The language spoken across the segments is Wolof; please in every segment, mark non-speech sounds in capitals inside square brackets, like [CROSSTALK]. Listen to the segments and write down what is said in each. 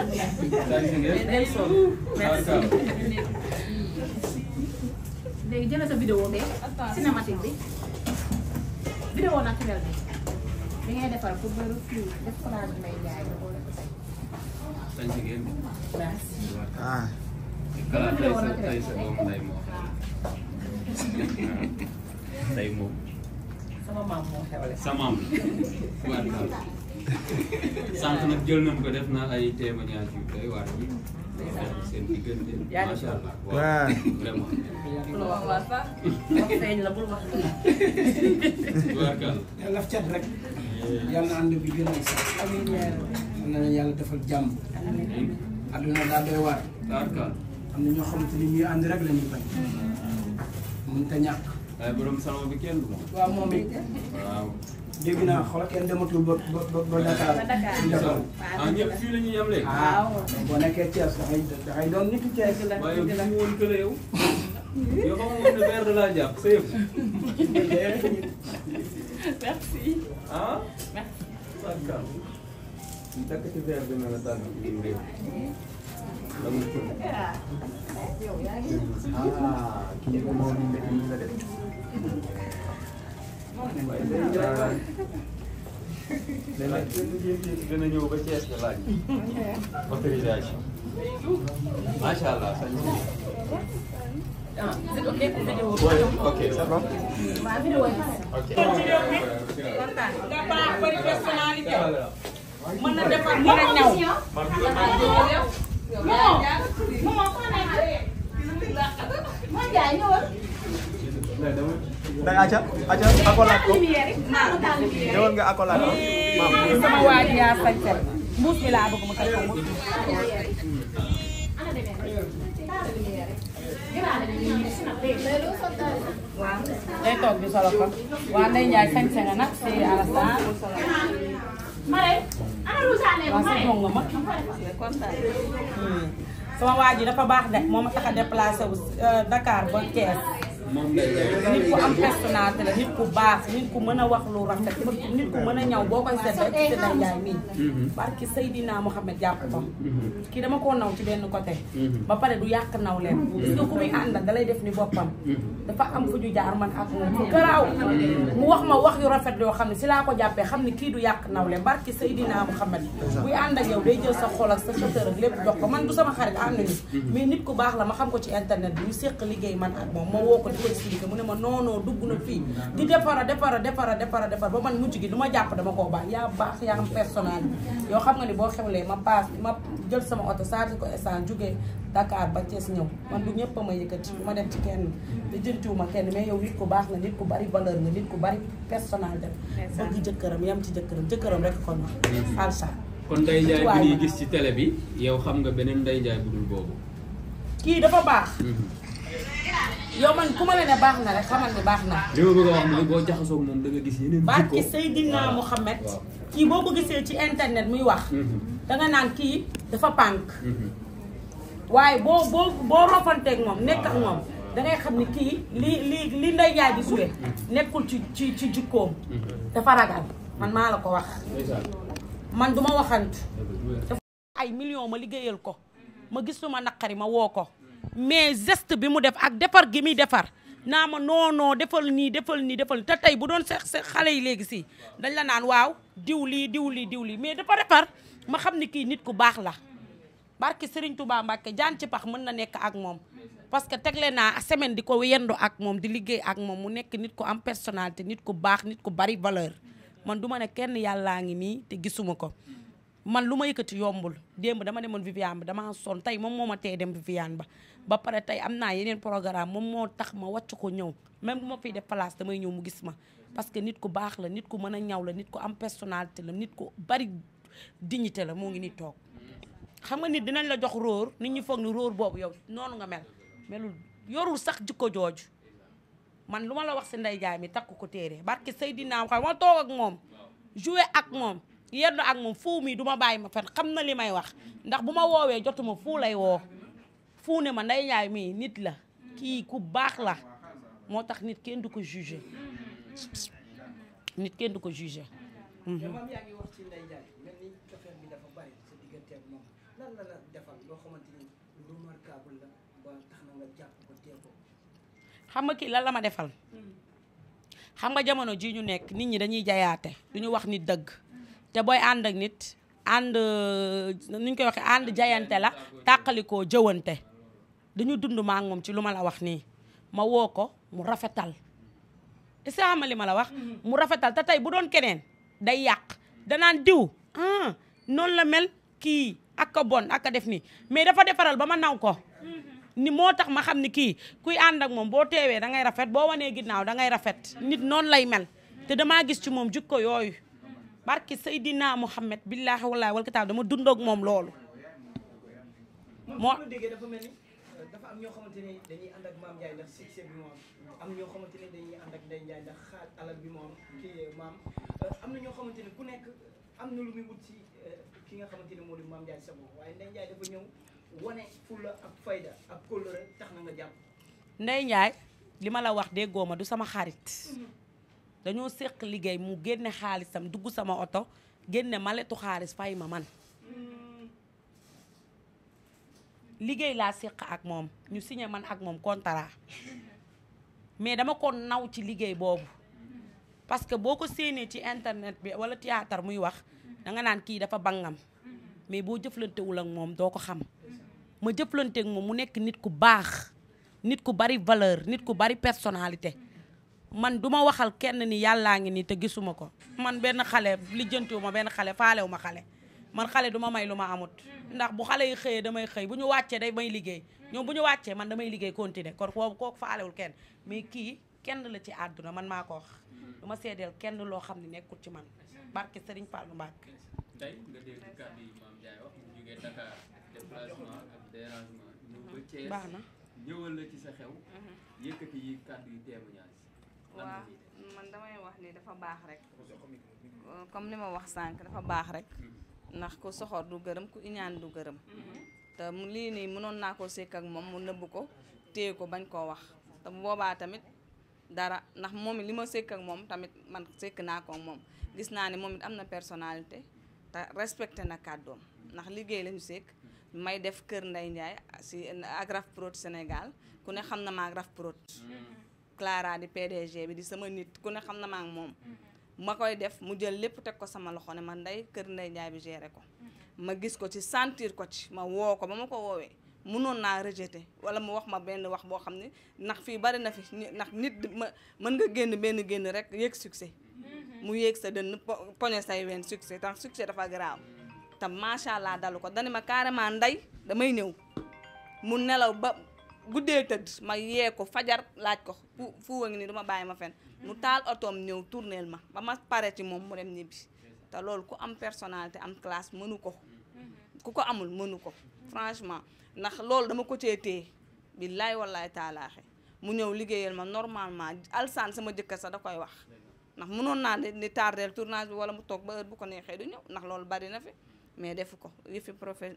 léegi jëlal sa vidéo bi cinématique bi vidéo naturel bi bi ngay defar pour bëri fii def collage bi may jaay nga boole ko tey. ah. tey moom. [LAUGHS] sama maam moo xewle. sa maam la. sànq nag jël nañ ko def na ay témoignage yu doy waar yi seen diggante macha allah waaw vraiment. bul wax waa fa la bul cat rek. yàlla ànd bi gën a sax. amiin yàlla defal jàmm. amiin adduna daal doy waar. am na ñoo xamante ni ñuy ànd rek la ñuy bañ. mënut a ñàkk. waaye borom salon bi kenn du moom. waaw moom it. waaw. dégg naa xoolal kenn dematul ba ba ba Dakar. ba Dakar ah ñëpp fii la ñuy yem léegi. Ah, ah, waaw boo nekkee Thiès dafay dafay doon ki Thiès. waaye yow fi mu woon kële yow. yow xam nga ne verre laa jàpp sa ah. merci. ne tànn bi réew. Ah, ah kii dana dana ñëw ba Thiès nga laaj autorisation macha allah sañ si ah c'est ok pour vidéo ok ça va waaw vidéo ok nga baax bari personnalité mën na defar mën na ñaw maman maman day acca acca akolaat ko ñëwal nga waa ji yaa sañsel mbuus mi laa toog di solo ko waaw Ndeye Ndiaye sañse nga nag si Alassane hmm. Hmm. sama waa ji dafa baax de moo ma tax a déplacé wu euh, Dakar ba nit ku am personnalité la nit ku baax nit ku mën a wax lu rafet nit ku mën a ñaw boo koy seet rek ci Ndeye Ndiaye mii barki Seydina Mouhamed jàpp ko mm-hmm. kii dama koo naw ci benn côté mm-hmm. ba pare du yàq naw leen mm-hmm. gis nga ku muy àndal dalay def ni dafa am fu ñu jaar man ak moom fu garaaw mu wax ma rafet yoo xam ne si laa ko jàppee xam ne kii du yàq naw leen barki Seydina Mouhamed buy ànd ak yow day sa xol sa chauffeur ko man du sama xarit mais nit ku baax la ma xam ko ci internet bi ñu séq man ak moom woo ko ko expliqué mu ne ma non non dugg na fii di départ départ départ départ départ ba man mujj gi lu ma jàpp dama koo baax yaa baax yaa am personnel yoo xam nga ni boo xewlee ma paas ma jël sama oto chargé ko essence jógee dakaar ba Thiès ñëw man ma ñëpp a ma yëkkati ma def ci kenn di jëntiwuma kenn mais yow nit ku baax nga nit ku bari valeur nga nit ku bari personnel def bëgg jëkkëram yam ci jëkkëram jëkkëram rek kon ma mm-hmm. alsa kon Ndeye Ndiaye bi ñuy gis ci télé bi yow xam nga beneen Ndeye Ndiaye bu dul boobu kii dafa yow man ku ma la ne baax na rek xamal ni baax na. li ma bëgg a wax mooy boo jaxasoo ak moom da nga gis yeneen. jikko barki kii boo ko gisee ci internet muy wax. Mhm. danga naan kii dafa pànk. Mhm. waaye boo boo boo ropanteeg moom nekk ak moom dangay xam ne kii li li li Ndeye Ndiaye di suwe mhm. nekkul ci ci ci jikkoom. dafa ragal man maa la ko wax. man du ma dafa ay million ma liggéeyal ko ma gis lu ma naqari ma woo ko. mais geste bi mu def ak defar gi muy defar naa ma non non defal nii defal nii defal te tey bu doon see se xale yi léegi si dañ la naan waaw diw lii diw lii diw lii mais dafa defar ma xam ni kii nit ku baax la barke Serigne baa Mbacke jaan ci pax mën na nekk ak moom parce que tegle naa semaine di ko yendu ak moom di liggéey ak moom mu nekk nit ku am personnalité nit ku baax nit ku bari valeur man du ma ne kenn yàllaa ngi nii te gisuma ko man lu ma yëkkati yombul démb dama demoon Viviane ba dama sonn tey moom moo ma tee dem Viviane ba ba pare tey am naa yeneen programme moom moo tax ma wacc ko ñëw même bu ma damay ñëw mu gis ma parce que nit ku baax la nit ku mën a ñaw la nit ku am personnalité la nit ku bari dignité la moo ngi ni toog xam nga nit dinañ la jox róor nit ñi foog ni róor boobu yow noonu nga mel melul yorul sax jikko jooju man lu ma la wax si ndey mi takk ko téere barke Seydina xaw ma toog ak moom jouer ak moom yeddu ak moom fuu mii duma bàyyi ma fen xam na li may wax ndax bu ma woowee jotuma fuu lay woo fuu ne ma nday ñaay mii nit la kii ku baax la moo tax nit kenn du ko jugé nit kenn du ko jugé mhm. xam nga kii lan la ma defal hmm. xam nga jamono ji ñu nekk nit ñi dañuy jayaate du ñu wax nit dëgg te booy ànd ak nit ànd nuñ koy waxee ànd jayante la tàqalikoo jëwante dañu dund maa moom ci lu ma la wax nii ma woo ko mu rafetal est-ce que xam li ma la wax mu rafetal te tey bu doon keneen day yàq danaan diw ah noonu la mel kii ak a bon ak a def nii mais dafa defaral ba ma naw ko ni moo tax ma xam ni kii kuy ànd ak moom boo teewee da ngay rafet boo wanee ginnaaw da ngay rafet nit noonu lay mel te damaa gis ci moom jikko yooyu barke Seydina Mouhamed billaahi wallaahi wal kitaab dama dund ak moom loolu. moo euh, dafa am ñoo xamante ne dañuy ànd ak maam Ndiaye ndax am ñoo xamante ne dañuy ànd ak Ndeye Ndiaye ndax xaaj alal bi moom kii euh, euh, am na ñoo xamante ne ku nekk am na lu muy wut si ki nga xamante ne moo di maam Ndiaye sa waaye Ndeye Ndiaye dafa ñëw wane fulla ak fayda ak kóllëre tax na nga jàpp. Ndeye Ndiaye li ma la wax déggoo ma du sama xarit. Mhm. dañoo séq liggéey mu génne xaalisam dugg sama oto génne maletu xaalis fay ma man liggéey laa séq ak moom ñu signé man ak moom contrat mais dama ko naw ci liggéey boobu parce que boo ko séenee ci internet bi wala théâtre muy wax danga naan kii dafa bangam mais boo jëflantewul ak moom doo ko xam ma jëflanteek moom mu nekk nit ku baax nit ku bari valeur nit ku bari personnalité man duma waxal kenn ni yàllaa ngi nii te gisuma ko man benn xale lijjantiwu ma benn xale faalewu ma xale man xale duma may lu ma amut ndax bu xale yi xëyee damay xëy bu ñu wàccee day may liggéey ñoom bu ñu wàccee man damay liggéey continuer kon kooku kooku faalewul kenn mais kii kenn la ci àdduna man maa ko wax du ma kenn loo xam ne nekkul ci man barke Serigne Fallou Mbacke na ñëwal waaw man damay wax ni dafa baax rek euh, comme li ma wax sànq dafa baax rek mm-hmm. ndax ku soxor du gërëm ku iñaan du gërëm mm-hmm. te mu lii nii mënoon naa ko sekk ak moom mu nëbb ko téye ko bañ koo wax te boobaa tamit dara ndax moom it li ma sekk ak moom tamit man sekk naa ko moom gis naa ni moom it am na personnalité te respecté na kàddoom ndax liggéey lañu sekk may def kër Ndeye Ndiaye si ak Raf Prod Sénégal ku ne xam na ma ak Raf Prod mm-hmm. Clara di PDG bi di sama nit ku ne xam na maa moom mm-hmm. ma koy def mu jël lépp teg ko sama loxo ne man ndey kër Ndeye Ndiaye bi gérer ko mm-hmm. ma gis ko ci sentir ko ci ma woo ko ba ma ko woowee munoon naa rejeté wala mu wax ma benn wax boo xam ne ndax fii bari na fi ndax nit ma mën nga génn benn génn rek yéeg succès mm-hmm. mu yéeg sa dënn poñe say ween succès tam succès dafa garaaw te macha allah dalu ko dani ma carrément ndey damay ñëw mu nelaw ba guddee tëdd ma yee ko fajar laaj ko fu fu ngi ni duma bàyyi ma fen mu taal otoom ñëw tournel ma ba ma pare ci moom mu dem ñibbi te loolu ku am personnalité am classe mënu ko mhm. ku ko amul mënu ko franchement ndax loolu dama ko cee téye billaay wallaay taalaaxe mu ñëw liggéeyal ma normalement alsaan sama jëkkër sax da koy wax ndax mënoon naa ni tardeel tournage bi wala mu toog ba heure bu ko neexee du ñëw ndax loolu bari na fi mais defu ko yëfi profe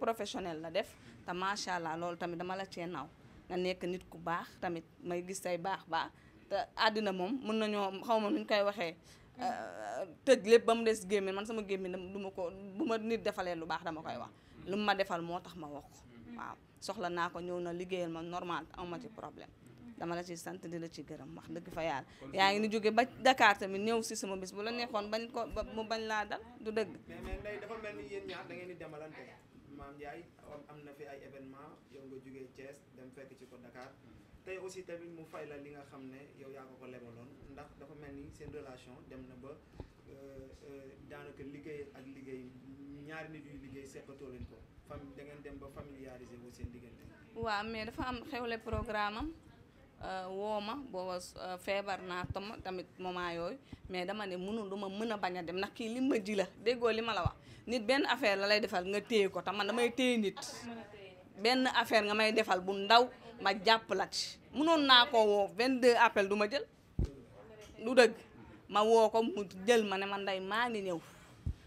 professionnel la def te macha allah loolu tamit dama la cee naaw nga nekk nit ku baax tamit may gis say baax baax te àddina moom mun nañoo xaw ma nuñ koy waxee mm. euh, tëj lépp ba mu des gémmiñ man sama gémmiñ du ma ko bu ma nit defalee lu baax dama koy wax mm. lu ma defal moo tax ma wax ko mm. soxla naa ko ñëw na liggéeyal ma normal amuma ci problème dama la ci sant di la ci gërëm wax dëgg fa yàlla yaa ngi ni jóge ba ndakaar tamit ñëw si sama bis bu la neexoon bañ ko mu bañ laa dal du dëgg mais mais dafa Maam Ndiaye am na fi ay événement yow nga jógee Thiès dem fekk ci ko Dakar tey aussi tamit mu fay la li nga xam ne yow yaa ko ko lebaloon ndax dafa mel ni seen relation dem na ba euh, euh, daanaka liggéey ak liggéey ñaari nit yu liggéey seqatoo leen ko fam da dem ba familiariser wu seen diggante. waaw mais dafa am xewle programme am Euh, woo ma booba euh, feebar naa tom tamit moment yooyu mais dama ne mënul duma mën a bañ a dem ndax kii li ma ji la déggoo li ma la wax nit benn affaire la lay defal nga téye ko tam man damay téye nit benn affaire nga may defal bu ndaw ma jàpp la ci mënoon naa ko woo 22 appel du ma jël du dëgg ma woo ko mu jël ma ne man ndey maa ngi ñëw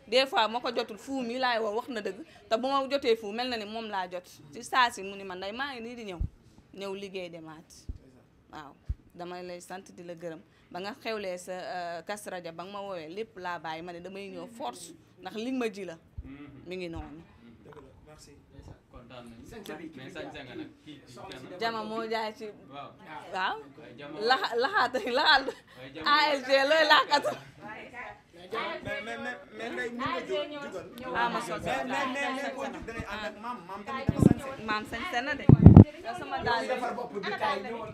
des fois ma ko jotul fuu mi laay woo wax na dëgg te bu ma jotee fuu mel na ni moom laa jot ci saa si mu ni ma ndey maa ngi nii di ñëw ñëw liggéey demaat waaw dama lay sant di la gërëm ba nga xewlee sa euh, Kazu Rajab ba nga ma woowee lépp laa bàyyi ma ne damay ñëw force ndax li ma ji la mm-hmm. mi ngi noonu jama moo jaay ci waaw lax laxaata laxaat ALG looy laaxatu maam sañse na de defar bopp bi kaay ñëwal.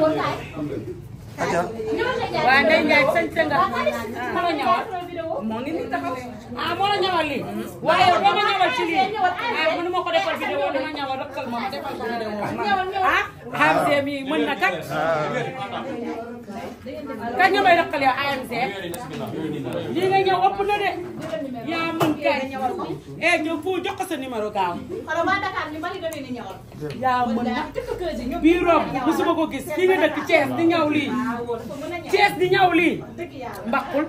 waaw. aja waaw Ndeye Ndiaye sañ sañ nga ma la ñawal moo ngi nii taxaw ah moo la ñawal lii waaye yow doo ma ñawal ci lii ah mënu ma ko defal vidéo dama ñawal rëkkal ma defal ko vidéo ah AMC mi na kat kañ nga may rëkkal yow na de gars yi ñëwal ko. eh ñoom fu jox ko sa numéro ni ñëwal. yaa mën na bii rob musuma ko gis fii nga dëkk Thiès di ñaw lii. Ah, Thiès di ñaw lii. mbaqul.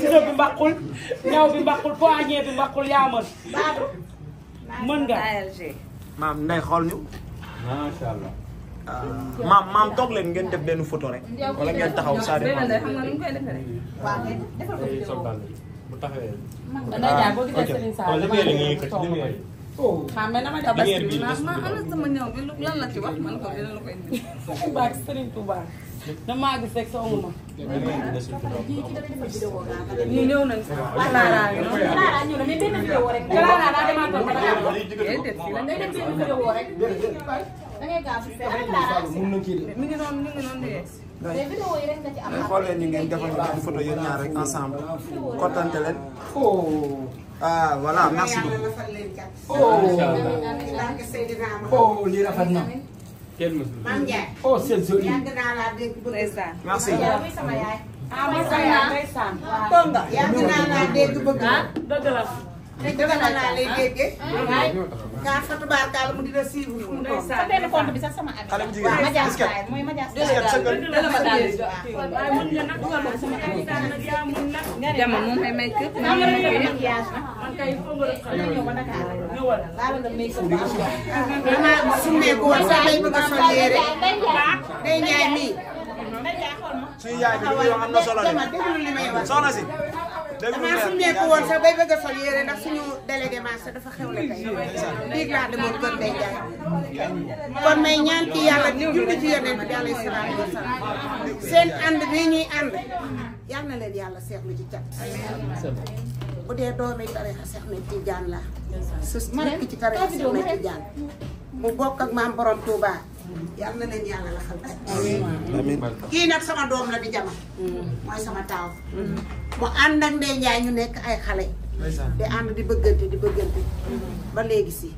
silo bi mbaqul. ñaw bi mbaqul poignée bi mbaqul yaa mën. mën nga. maam nday xool ñu. macha allah. Ah, maam maam leen ngeen def ben photo rek. wala ngeen taxaw saa de. bu taxawee. man day jaay boo gisee Serigne Sall damaa nekk ci toolu mooy. xam nga dama def bés bi naan maa ala sama ñëw bi lan la ci wax man ko dina la koy indi. Touba Serigne Touba damaa gis rek soogu ma. ñu ñëw nañu si. Clara ñëw nañu. Clara ñëw nañu benn vidéo rek. Clara daa demaat ba Dakar. benn vidéo rek. da ngay gaaw si seen. Clara mi ngi noonu mi ngi noonu de. mais xool leen ñu ngeen defal benn photo yéen ñaar rek ensemble kontante leen. Oh. ah voilà merci beaucoup. Oh. oh lii rafet na. maam Ndiaye. oh c'est joli. merci. ah ma sa yaay. tonga. Ah, yàgg naa laa dégg bëgg. ah dëgg la. dëgg la laa lay déggee. Ah, ah Fatou Ba Kalle mu dina suivre fu mu toll. sa benn compte bi sax sama ami. xale bu jigéen waaw ma jaaxal waaye mooy ma jaaxal. dëgg la dëgg la ma daal di waaw. waaye mën nga nag dugal ma sama ami. jamono moom ay may kër. maa ngi lay def maquillage nag. man kay foog nga xam ne ñëw ba Dakar. ñëwal baal nga may sa baax. maanaam sumbeeku woon sax day bëgg a sol yére. day ñaay mii. suñu yaay bi li muy wax am na solo de. soxna si. damaa suñu nekk woon sax bay bëgg sol yére ndax suñu délégué marché dafa xew la tey biig laa demoon kër day jaay kon may ñaan yàlla di julli ci yonent bi alayhi seen ànd bi ñuy ànd yal na leen yàlla seexlu ci cat bu dee doomi tarixa Seex Ahmed Tijaan laa su nekk ci tarixa Seex Ahmed Tijaan mu bokk ak maam borom Touba. yàlla na leen yàlla la xal amiin kii nag sama doom la di jama mooy sama taaw mu ànd ak Ndeye ñu nekk ay xale di ànd di bëggante di bëggante ba léegi si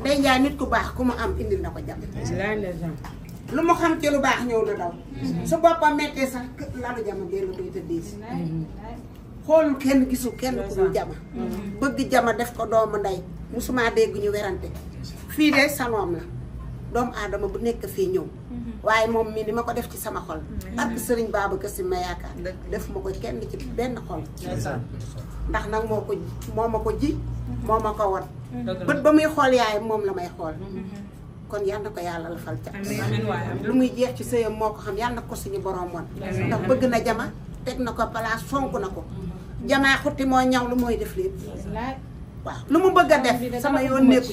Ndeye nit ku baax ku mu am indil na ko jam lu mu xam ci lu baax ñëw na daw su boppam mettee sax lalu jama bee la koy tëddee si xool kenn gisul kenn ku dul jama bëgg jama def ko doomu ndey musuma dégg ñu werante fii de sanoom la doomu aadama bu nekk fii ñëw mm-hmm. waaye moom mii li ma ko def ci sama xol mm-hmm. barke sëriñ baa ba Sy ma yaakaar def ma ko kenn ci benn xol ndax nag moo ko moo ma ko ji moo ma ko mm-hmm. wan bët ba muy xool yaay moom la may xool kon yal na ko yàlla la fal ca lu muy jeex ci sëyam moo ko xam yal na ko suñu borom woon ndax bëgg na jama teg na ko place fonk na ko jamaa xutti moo ñaw lu mooy def lépp waaw lu mu bëgg a def sama yoon nekku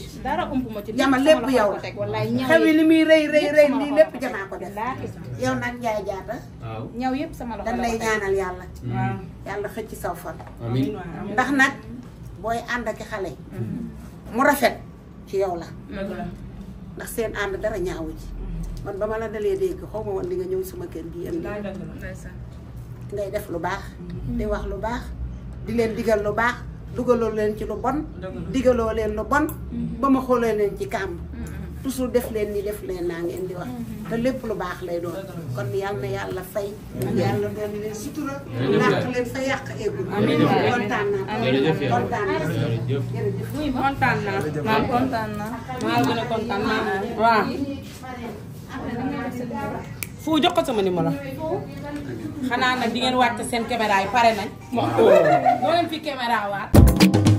ci yama lépp yow la xew yi li muy rëy rëy rëy lii lépp janaa ko def yow nag Njaay Jaata ñaw yëpp sama loxo dañ lay ñaanal yàlla yàlla xëcc saw fan ndax nag booy ànd ak xale mm-hmm. mu rafet ci yow la ndax seen ànd dara ñaawu ci mm-hmm. man ba ma la delee dégg xaw ma woon li nga ñëw sama kër gi am ngay def lu baax mm-hmm. di wax lu baax di leen digal lu baax dugaloo leen ci lu bon digaloo leen lu bon ba ma xoolee leen ci kàmb toujours def leen ni def leen naa ngeen di wax te lépp lu baax lay doon kon yal na yàlla fay yàlla doon leen sutura yàq eggul kontaan naa kontaan naa jërëjëf kontaan naa maa kontaan naa maa gën a kontaan naa foo jox ko sama numéro xanaa nag di ngeen wàcc seen caméra yi pare nañ moo leen fi caméra waat Thank you